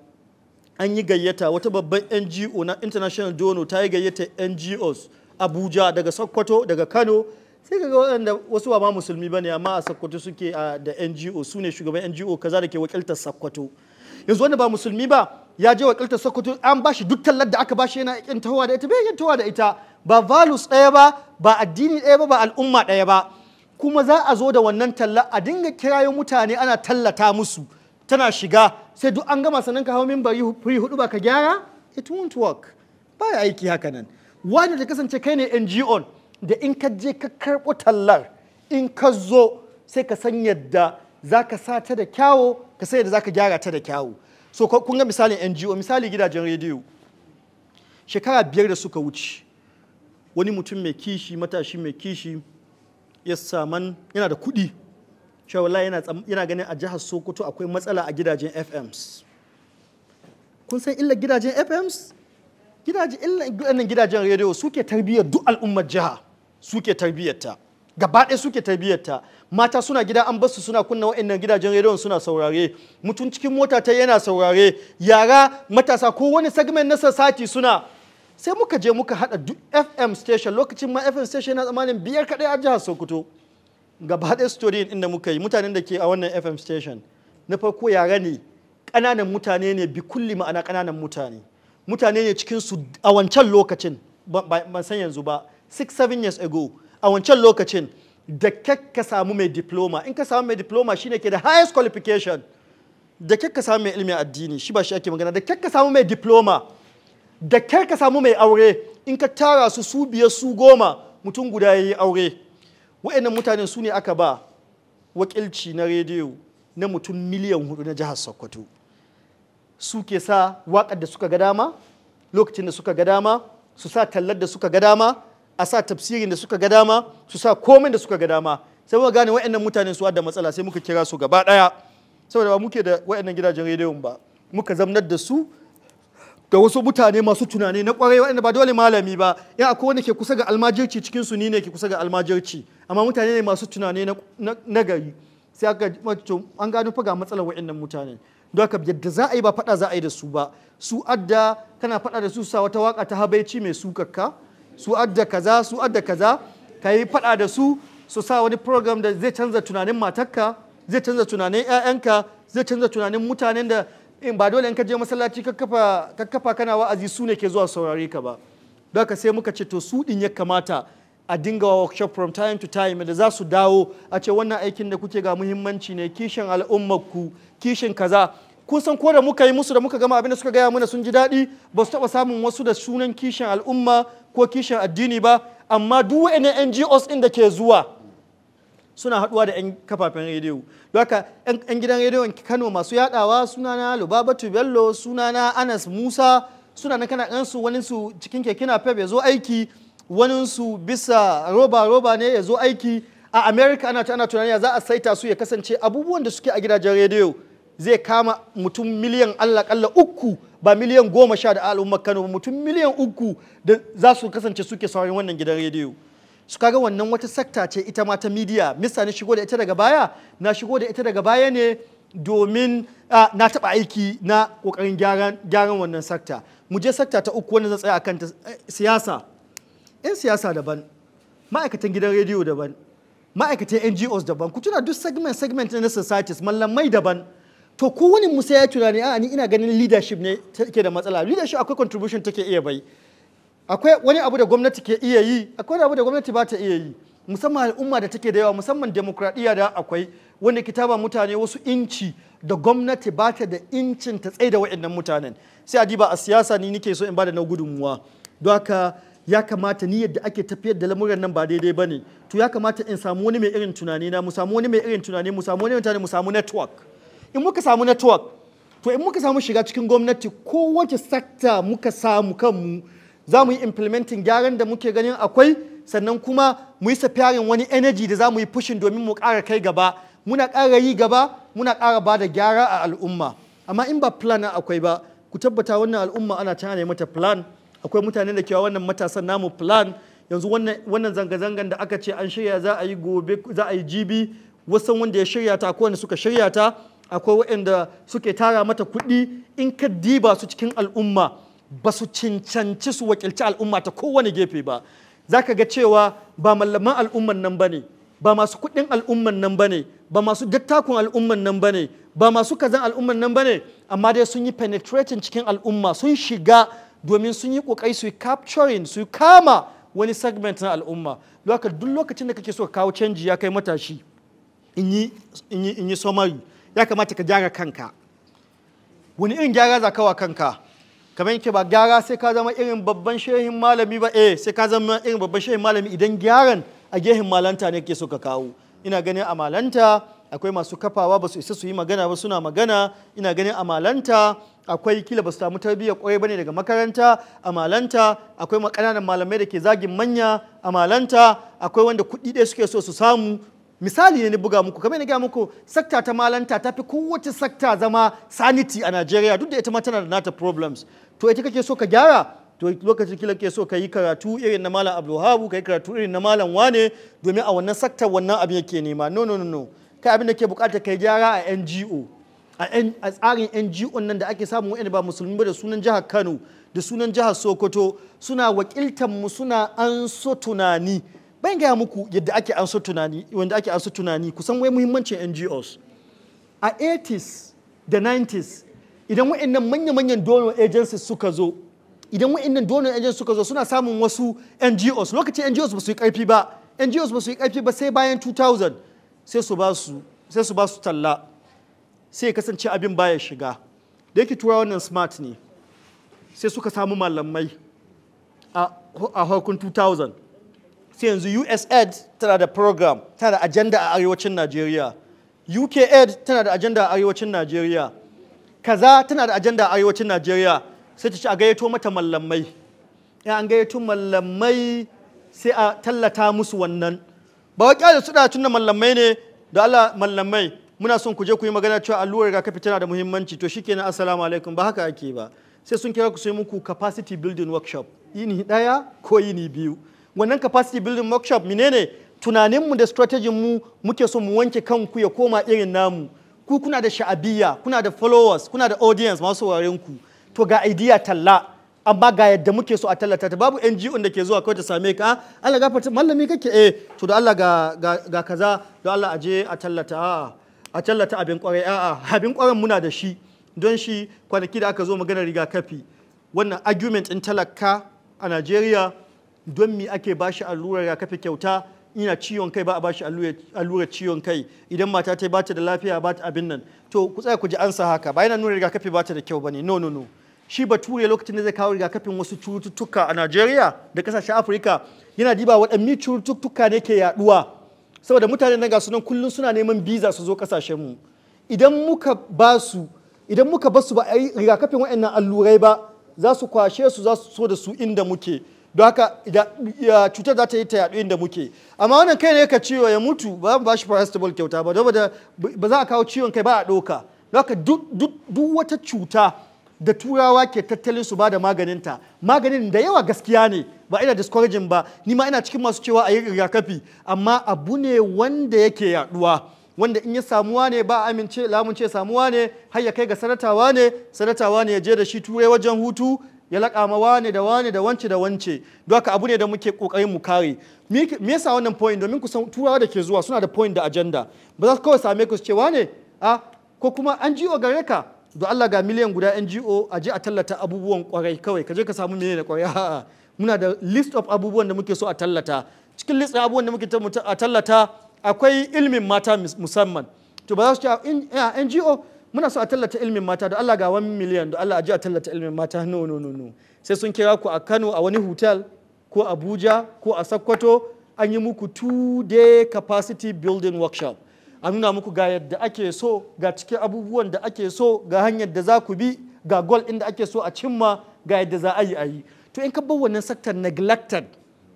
an yi gayyata wata babban ngo na international dono ta yi gayyata ngos abuja daga sokoto daga kano sai ka ga waɗanda wasu ba ma musulmi ba ne amma a Sokoto suke da ngo su ne shugaban ngo kaza da ke wakiltar Sokoto yanzu wanda ba musulmi ba ya je wakiltar Sokoto an ba shi duk tallar da aka ba shi yana yakin tawa da ita bai yakin tawa da ita ba valus ɗaya ba ba addini ɗaya ba ba al'umma ɗaya ba kuma za a zo da wannan talla a dinga kirayo mutane ana tallata musu tana shiga sai duk an gama sanin ka hau mimbari huri hudu ba ka gyara it won't work ba ya aiki haka nan wanda da kasance kai ne NGO da in ka je ka karɓo tallar in ka zo sai ka san yadda za ka sa ta da kyawo ka san yadda za ka gyara ta da kyawo so kun ga misalin NGO misali gidajen rediyo shekara biyar da suka wuce wani mutum mai kishi matashi mai kishi ya saman yana da kuɗi cewa wallahi yana ganin a jihar sokoto akwai matsala a gidajen fms kun san illa gidajen fms gidajen illa gidajen rediyo suke tarbiyyar duk al'ummar jiha suke tarbiyyarta gaba ɗaya suke tarbiyyarta mata suna gida an basu suna kunna wa'annan gidajen rediyon suna saurare mutum cikin mota ta yana saurare yara matasa ko wani segment na society suna sai muka je muka haɗa duk fm station lokacin ma fm station na tsamanin biyar kaɗai a jihar sokoto gaba ɗaya story inda muka yi mutanen da ke a wannan fm station na farko yare ne ƙananan mutane ne bi kulli ma'ana ƙananan mutane mutane ne cikin su a wancan lokacin ban san yanzu ba 6-7 years ago a wancan lokacin da ka samu mai diploma in ka samu mai diploma shine ke da highest qualification da ka samu mai ilimin addini shi ba shi ake magana da ka samu mai diploma da kar ka samu mai aure in ka tara su su biyar su goma mutum guda ya yi aure wa'annan mutanen su ne aka ba wakilci na rediyo na mutum miliyan hudu na jihar sokoto su ke sa waƙar da suka ga dama lokacin da suka ga dama su sa tallar da suka ga dama a sa tafsirin da suka ga dama su sa komai da suka ga dama sai muka gane wa'annan mutanen su da matsala sai muka kira su gaba ɗaya saboda ba muke da wa'annan gidajen rediyon ba muka zamnar da su ga wasu mutane masu tunani na kwarai waɗanda ba dole malami ba in akwai wanda ke kusa ga almajirci cikin su ne ke kusa ga almajirci amma mutane ne masu tunani na gari sai aka an gano fa ga matsalar waɗannan mutane don haka yadda za a yi ba faɗa za a yi da su ba su adda kana faɗa da su sa wata waka ta habaici mai sukakka su adda kaza su adda kaza ka yi faɗa da su su sa wani program da zai canza tunanin matarka zai canza tunanin 'ya'yanka zai canza tunanin mutanen da in ba dole in ka je masallaci kakkafa kana wa'azi su ne ke zuwa saurare ka ba don ka sai muka ce to su din ya kamata a dinga workshop from time to time da za su dawo a ce wannan aikin da kuke ga muhimmanci ne kishin al'ummarku kishin kaza kun san ko da muka yi musu da muka gama abin da suka gaya mana sun ji daɗi ba su taɓa samun wasu da sunan kishin al'umma ko kishin addini ba amma duk wa'annan NGOs ɗin da ke zuwa suna haɗuwa da 'yan kafafen rediyo haka 'yan gidan rediyon kano masu yadawa sunana lubabatu bello sunana anas musa suna na kana wani waninsu cikin keke na ya zo aiki waninsu bisa roba roba ne ya zo aiki a america ana ana tunani za a saita su ya kasance abubuwan da suke a gidajen rediyo zai kama mutum miliyan allah kalla uku ba miliyan goma sha da al'ummar kano mutum miliyan uku da za su kasance suke saurin wannan gidan rediyo su kaga wannan wata sakta ce ita ma ta midiya misa na shigo da ita daga baya na shigo da ita daga baya ne domin na taba aiki na ƙoƙarin gyaran wannan sakta mu je sakta ta uku wanda zan tsaya akan ta eh, siyasa in siyasa daban ma'aikatan gidan rediyo daban ma'aikatan ngos daban ku tuna duk segment segment na societies mallamai daban to kowane wani ya tunani a ni ina ganin leadership ne take da matsala leadership akwai contribution take iya bai akwai wani abu da gwamnati ke iya yi akwai abu da gwamnati ba ta iya yi musamman al'umma da take da yawa musamman demokradiyya da akwai wanda ke taba mutane wasu inci da gwamnati ba ta da incin ta tsaye da wa'annan mutanen sai a diba a siyasa ni nike so in bada na gudunmuwa don haka ya kamata ni yadda ake tafiyar da lamuran nan ba daidai ba ne to ya kamata in samu wani mai irin tunani na mu samu wani mai irin tunani mu wani mutane mu samu network in muka samu network to in muka samu shiga cikin gwamnati kowace sakta muka samu kanmu za mu yi implementing gyaran da muke ganin akwai sannan kuma mu yi safiyarin wani energy da za mu yi pushing domin mu ƙara kai gaba muna ƙara yi gaba muna ƙara ba da gyara a al'umma amma in ba plan akwai ba ku tabbata wannan al'umma ana ne mata plan akwai mutane da kewa wannan matasan namu plan yanzu wannan zanga-zangan da aka ce an shirya za a yi gobe za a yi jibi wasu wanda ya shirya ta akwai wanda suka shirya ta akwai waɗanda suke tara mata kuɗi in ka diba su cikin al'umma ba su cancanci su wakilci al'umma ta kowane gefe ba za ka ga cewa ba mallaman al'umman nan ba ne ba masu kuɗin al'umman nan ba ne ba masu dattakun al'umman nan ba ne ba masu kazan al'umman nan ba ne amma dai sun yi penetrating cikin al'umma sun shiga domin sun yi ƙoƙari su yi capturing su kama wani segment na al'umma lokacin duk lokacin da kake so ka kawo canji ya kai matashi in yi somari ya kamata ka gyara kanka wani irin gyara za kawa kanka kamar yake ba gyara sai ka zama irin babban shehin malami ba eh sai ka zama irin babban shehin malami idan gyaran a gehin malanta ne ke so ka kawo ina ganin a malanta akwai masu kafawa ba su isa su yi magana ba suna magana ina ganin a malanta akwai kila ba su samu tarbiyya kwarai bane daga makaranta a malanta akwai makananan malamai da ke zagin manya a malanta akwai wanda kuɗi ɗaya suke so su samu misali ne ni buga muku kamar na gaya muku sakta ta malanta ta fi kowace sakta zama saniti a Najeriya duk da ita ma tana da nata problems to ita kake so ka gyara to lokacin kila ke so ka yi karatu irin na malam abdulhabu ka yi karatu irin na malam wane domin a wannan sakta wannan abin yake nema no no no kai abin da ke bukata kai gyara a ngo a tsarin ngo nan da ake samu wani ba musulmi ba da sunan jihar kano da sunan jihar sokoto suna wakiltar mu suna an so tunani Ban gaya muku yadda ake an so tunani wanda ake an so tunani kusan wai muhimmancin ngos a 80s da 90s idan wa'annan manya-manyan donor agencies suka zo idan wa'annan donor agencies suka zo suna samun wasu NGOs lokacin NGOs ba su yi ƙarfi ba NGOs ba su yi ƙarfi ba sai bayan 2000 sai su ba su sai su ba su talla sai kasance abin baya shiga da yake tura wannan smart ne sai suka samu malamai a harkun 2000 sai yanzu USAID tana da program tana da agenda a arewacin Najeriya UK tana da agenda a arewacin Najeriya kaza tana da ajanda a arewacin najeriya sai ta ci a gayyato mata mallamai ya an gayyato mallamai sai a tallata musu wannan ba wai kyale su da tunda mallamai ne da Allah mallamai muna son ku je ku yi magana cewa allurar rigakafi tana da muhimmanci to shikenan assalamu alaikum ba haka ake ba sai sun kira ku sai muku capacity building workshop yini daya ko yini biyu wannan capacity building workshop menene tunaninmu da strategy mu muke so mu wanke kanku ya koma irin namu ku kuna da sha'abiyya kuna da followers kuna da audience masu sauraren ku to ga idea talla amma ga yadda muke so a tallata ta babu NGO da ke zuwa kawai ta same ka ah, Allah ga fata mallami kake eh to da Allah ga ga, kaza da Allah aje a tallata a'a a tallata abin kwarai a'a abin kwarai muna da shi don shi kwanaki da aka zo maganar rigakafi wannan argument in talaka a Najeriya don mi ake bashi allurar rigakafi kyauta ina ciwon kai ba a bashi allurar ciwon kai idan mata ta bata da lafiya ba ta abin nan to ku tsaya ku ji ansa haka ba yana nuna rigakafi bata da kyau bane no no no shi bature lokacin da zai kawo rigakafin wasu cututtuka a Najeriya da kasashen Afirka yana diba waɗanne cututtuka ne ke yaduwa saboda mutane na su nan kullum suna neman biza su zo kasashen mu idan muka ba su idan muka ba su ba rigakafin waɗannan allurai ba za su kwashe su za su so da su inda muke don haka cutar za ta yi ta yaɗu inda muke amma wannan kai ne ka ciwo ya mutu ba ba shi paracetamol kyauta ba saboda ba za a kawo ciwon kai ba a ɗauka don haka duk wata cuta da turawa ke tattalin su ba da maganin ta maganin da yawa gaskiya ne ba ina discouraging ba ni ma ina cikin masu cewa a yi rigakafi amma abu ne wanda yake yaɗuwa wanda in ya samuwa ne ba amince lamunce samuwa ne har ya kai ga sanatawa ne sanatawa ne ya je da shi turai wajen hutu ya ma wane da wane da wance da wance duka abu ne da muke ƙoƙarin mu kare me yasa wannan point domin kusan turawa da ke zuwa suna da point da agenda ba za su kawai same ku su ce wane a ko kuma NGO gare ka don Allah ga miliyan guda NGO a je a tallata abubuwan kwarai kawai ka je ka samu menene kwarai a'a muna da list of abubuwan da muke so a tallata cikin list abubuwan da muke a tallata akwai ilmin mata musamman to ba za su ce NGO muna so a tallata ilimin mata da Allah ga 1 miliyan da Allah a ji a tallata ilimin mata no no no no sai sun kira ku a Kano a wani hotel ko Abuja ko a Sokoto an yi muku two day capacity building workshop a nuna muku ga yadda ake so ga cikin abubuwan da ake so ga hanyar da za ku bi ga goal inda da ake so a cimma ga yadda za a yi a yi to in ka bar wannan sector neglected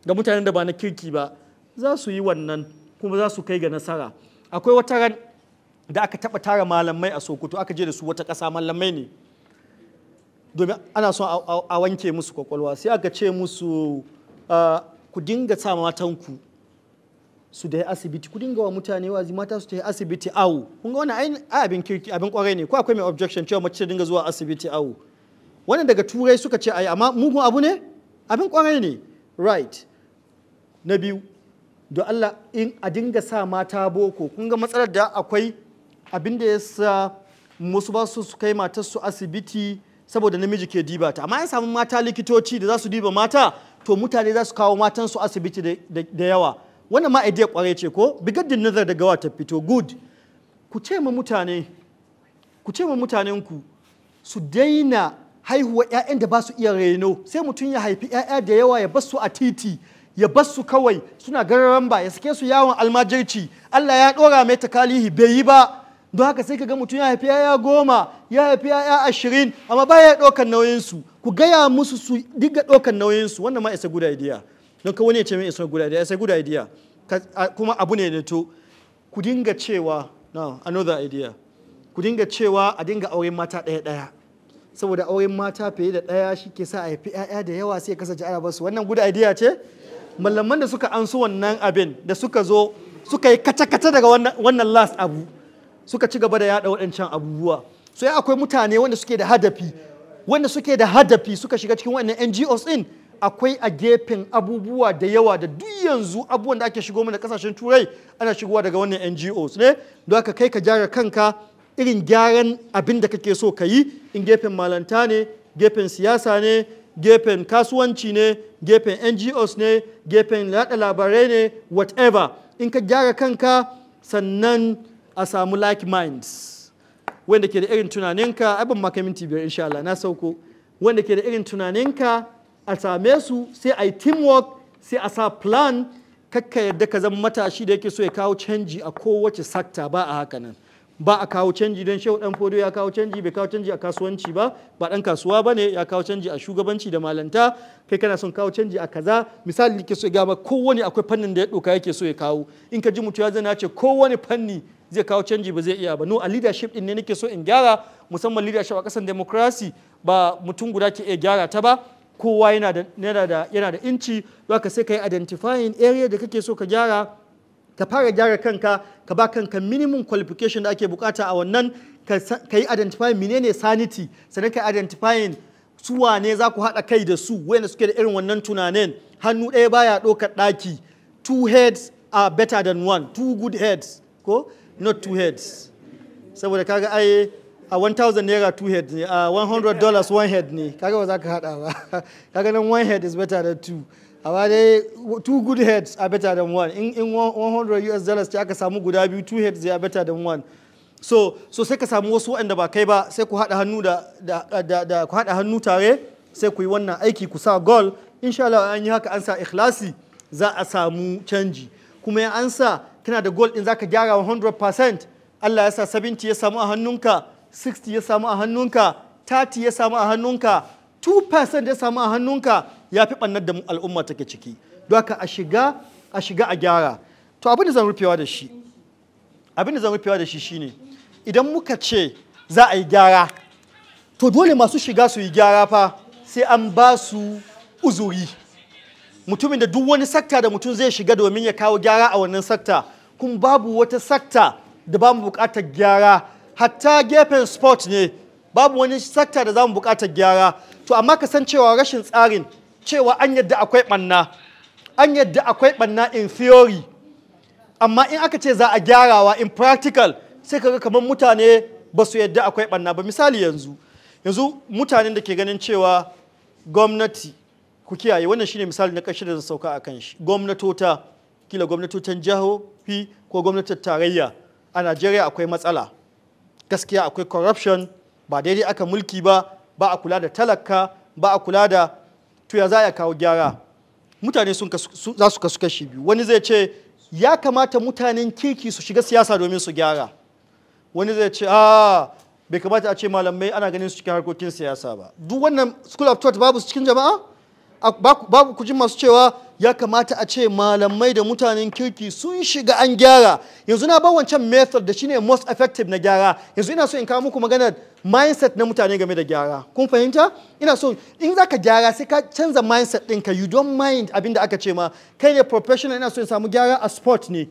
ga mutanen da ba na kirki ba za su yi wannan kuma za su kai ga nasara akwai wata ran da aka taɓa tara malamai a sokoto aka je da su wata ƙasa malamai ne domin ana son a wanke musu kwakwalwa sai aka ce musu ah, ku dinga sa matanku su da asibiti ku dinga wa mutane wazi mata su ta asibiti awo kun ga wannan abin kirki abin kwarai ne ko akwai mai objection cewa mace ta dinga zuwa asibiti awo wannan daga turai suka ce ai amma mugun abu ne abin kwarai ne right na biyu don Allah in a dinga sa mata boko kun ga matsalar da akwai abin da ya sa wasu ba su kai matarsu asibiti saboda namiji ke diba ta amma an samu mata likitoci da za su diba mata to mutane za su kawo matansu asibiti da yawa wannan ma idea kware ce ko bigaddin nazar daga wa ta fito good ku ce ma mutane ku ce ma mutanen ku su daina haihuwa ƴaƴan da ba su iya reno sai mutum ya haifi ƴaƴa da yawa ya bar su a titi ya bar su kawai suna gararan ba ya sake su yawon almajirci Allah ya ɗora mai takalihi bai yi ba don haka sai ka ga mutum ya haifi yaya goma ya haifi yaya ashirin amma ba ya ɗaukar nauyinsu ku gaya musu su diga ɗaukar nauyinsu wannan ma isa guda idiya don ka wani ya ce min isa guda idiya isa guda idiya kuma abu ne da to ku dinga cewa na another idea ku dinga cewa a dinga auren mata ɗaya ɗaya saboda auren mata fiye da ɗaya shi ke sa a haifi 'ya'ya da yawa sai ya kasance ana basu wannan guda idea ce malaman da suka ansu wannan abin da suka zo suka yi kaca-kaca daga wannan last abu suka ci gaba da yada waɗancan abubuwa so ya akwai mutane wanda suke da hadafi wanda suke da hadafi suka shiga cikin wannan NGOs din akwai a gefen abubuwa da yawa da duk yanzu abubuwan da ake shigo mana kasashen turai ana shigowa daga wannan NGOs ne don haka kai ka gyara kanka irin gyaran abin da kake so ka yi in gefen malanta ne gefen siyasa ne gefen kasuwanci ne gefen ngos ne gefen yada labarai ne whatever in ka gyara kanka sannan a samu like minds wanda ke da irin tunaninka abin makaminti minti biyar insha Allah na sauko wanda ke da irin tunaninka a same su sai a yi teamwork sai a sa plan kakka yadda ka zama matashi da yake so ya kawo canji a kowace sakta ba a haka nan ba a kawo canji don shehu dan fodo ya kawo canji bai kawo canji a kasuwanci ba ba dan kasuwa ba ne ya kawo canji a shugabanci da malanta kai kana son kawo canji a kaza misali ke so ya gaba kowani akwai fannin da ya doka yake so ya kawo in ka ji mutu ya zana ce kowane fanni zai kawo canji ba zai iya ba no a leadership din ne nake so in gyara musamman leadership a kasan democracy ba mutum guda ke iya gyara ta ba kowa yana da yana da yana da inci zaka sai ka yi identifying area da kake so ka gyara ka fara gyara kanka ka ba kanka minimum qualification da ake bukata a wannan ka yi identifying menene sanity sannan ka identifying su wane za ku haɗa kai da su wanda suke da irin wannan tunanin hannu ɗaya baya ɗaukar ɗaki two heads are better than one two good heads ko not two heads saboda kaga ai a 1000 naira two heads ne a 100 dollars one head ne kaga ba za ka hada ba <laughs> kaga nan one head is better than two amma dai two good heads are better than one in in 100 US dollars ce aka samu guda biyu two heads are better than one so so sai ka samu wasu waɗanda ba kai ba sai ku haɗa hannu da da da da ku haɗa hannu tare sai ku yi wannan aiki ku sa goal insha Allah an yi haka an sa ikhlasi za a samu canji kuma an sa kana da gold din zaka gyara 100% Allah ya sa 70 ya samu a hannunka 60 ya samu a hannunka 30 ya samu a hannunka 2% ya samu a hannunka ya fi ɓannar da al'umma take ciki don haka a shiga a shiga a gyara to abin da zan rufewa da shi abin da zan rufewa da shi shine idan muka ce za a yi gyara to dole masu shiga su yi gyara fa sai an ba su uzuri mutumin da duk wani sakta da mutum zai shiga domin ya kawo gyara a wannan sakta kuma babu wata sakta da ba mu buƙatar gyara hatta gefen sport ne babu wani sakta da za mu buƙatar gyara to amma ka san cewa rashin tsarin cewa an yadda akwai ɓanna an yadda akwai banna in theory amma in aka ce za a gyarawa in practical sai kaga kamar mutane ba su yadda akwai banna ba misali yanzu yanzu mutanen da ke ganin cewa gwamnati ku kiyaye wannan shine misali na ƙarshe da zan sauka kan shi gwamnatota kila gwamnatotan jiho PDP ko gwamnatin tarayya a Najeriya akwai matsala gaskiya akwai corruption ba daidai aka mulki ba ba a kula da talaka ba a kula da tuya za ya kawo gyara mutane za su kasu kashi biyu wani zai ce ya kamata mutanen kirki su shiga siyasa domin su gyara wani zai ce a bai kamata a ce malamai ana ganin su cikin harkokin siyasa ba duk wannan school of thought babu cikin jama'a babu kujin masu cewa ya kamata a ce malamai da mutanen kirki sun shiga an gyara yanzu na ba wancan method da shine most effective na gyara yanzu ina so in kawo muku maganar mindset na mutane game da gyara kun fahimta ina so in zaka gyara sai ka canza mindset ɗinka you don't mind abin da aka ce ma kai ne professional ina so in samu gyara a sport ne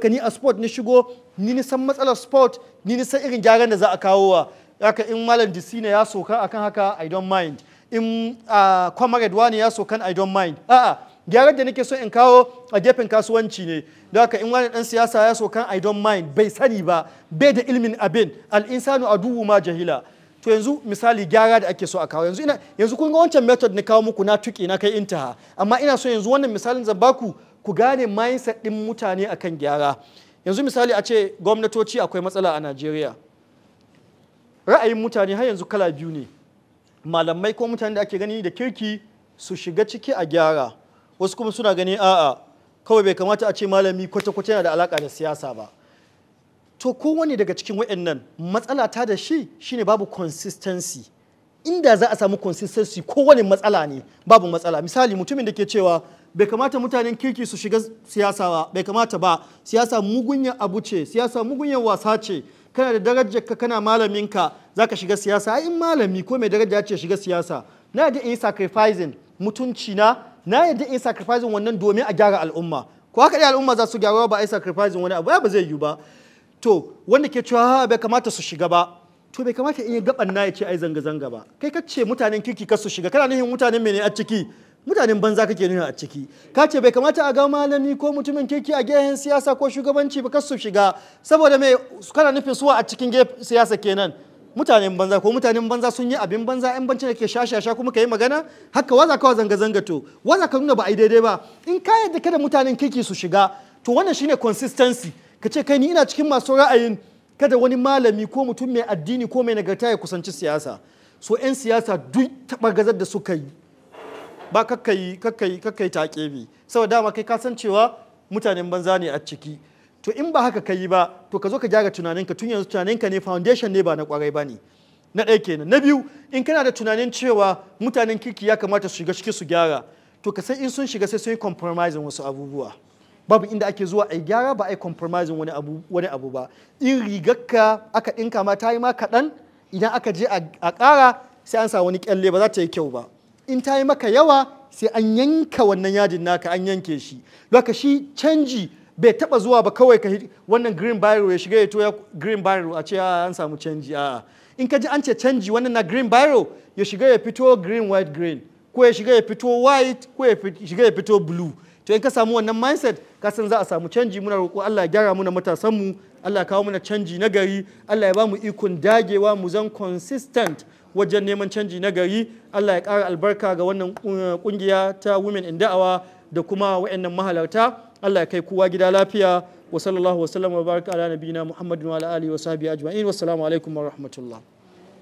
ka ni a sport ni shigo ni nisan matsalar sport ni nisan irin gyaran da za a kawo wa haka in malam disina ya soka akan haka i don't mind in uh, comrade wani ya sokan i don't mind a'a gyaran da nake so in kawo a gefen kasuwanci ne don haka in wani dan siyasa ya so kan i don't mind bai sani ba bai da ilmin abin al insanu aduhu ma jahila to yanzu misali gyara da ake so a kawo yanzu ina yanzu kun ga wancan method na kawo muku na tuki na kai intaha amma ina so yanzu wannan misalin zan baku ku gane mindset din mutane akan gyara yanzu misali a ce gwamnatoci akwai matsala a Najeriya ra'ayin mutane har yanzu kala biyu ne malamai ko mutane da ake gani da kirki su shiga ciki a gyara wasu kuma suna gani a'a kawai bai kamata a ce malami kwata-kwata yana da alaka da siyasa ba to kowane daga cikin waɗannan matsala ta da shi shine babu consistency inda za a samu consistency kowane matsala ne babu matsala misali mutumin da ke cewa bai kamata mutanen kirki su shiga siyasa ba bai kamata ba siyasa mugunyar abu ce siyasa mugunyar wasa ce kana da darajar ka kana malamin ka zaka shiga siyasa ai in malami ko mai daraja ce shiga siyasa na da in sacrificing mutunci na na yadda in sacrifice wannan domin a gyara al'umma ko haka dai al'umma za su gyara ba a yi sacrificing wani abu ba zai yiwu ba to wanda ke cewa ah, bai kamata su shiga ba to bai kamata in yi gaban na ya ce ai zanga-zanga ba kai ka ce mutanen kirki kar su shiga kana nufin mutanen mene a ciki mutanen banza kake nuna a ciki ka ce bai kamata a ga malami ko mutumin kirki a gehen siyasa ko shugabanci ba kar su shiga saboda mai kana nufin suwa a cikin siyasa kenan mutanen banza ko mutanen banza sun yi abin banza yan banci da ke shashasha kuma ka yi magana haka waza kawa zanga-zanga to waza ka nuna ba a yi daidai ba in ka yadda kada mutanen kirki su shiga to wannan shine consistency ka ce kai ni ina cikin masu ra'ayin kada wani malami ko mutum mai addini ko mai nagarta ya kusanci siyasa so 'yan siyasa duk taɓa gazar da suka yi ba kakkai kakkai kakkai take bi saboda dama kai ka san cewa mutanen banza ne a ciki to in ba haka ka yi ba to ka zo ka gyara tunaninka tun yanzu tunaninka ne foundation ne ba na kwarai ba ne na ɗaya kenan na biyu in kana da tunanin cewa mutanen kirki ya kamata su shiga ciki su gyara to ka sai in sun shiga sai sun yi compromising wasu abubuwa babu inda ake zuwa a gyara ba a yi compromising wani abu wani abu ba in rigarka aka ɗinka ma ta yi ma kaɗan idan aka je a ƙara sai an sa wani kyalle ba za ta yi kyau ba in ta yi maka yawa sai an yanka wannan yajin naka an yanke shi haka shi canji bai taba zuwa ba kawai ka wannan green barrel ya shiga ya to green barrel a ce ah, an samu canji a in ka ji an ce canji wannan na green barrel ya shiga ya fito green white green ko ya shiga ya fito white ko ya shiga ya fito blue to in ka samu wannan mindset ka san za a samu canji muna roƙo Allah ya gyara muna matasan mu Allah ya kawo muna canji na gari Allah ya ba mu ikon dagewa mu zan consistent wajen neman canji na gari Allah ya ƙara albarka ga wannan kungiya uh, ta women in da'awa da kuma wa'annan mahalarta Allah ya kai kowa gida lafiya wa sallallahu wa sallam wa baraka ala nabiyina Muhammadin wa ala alihi wa sahbihi ajma'in wassalamu alaikum wa rahmatullah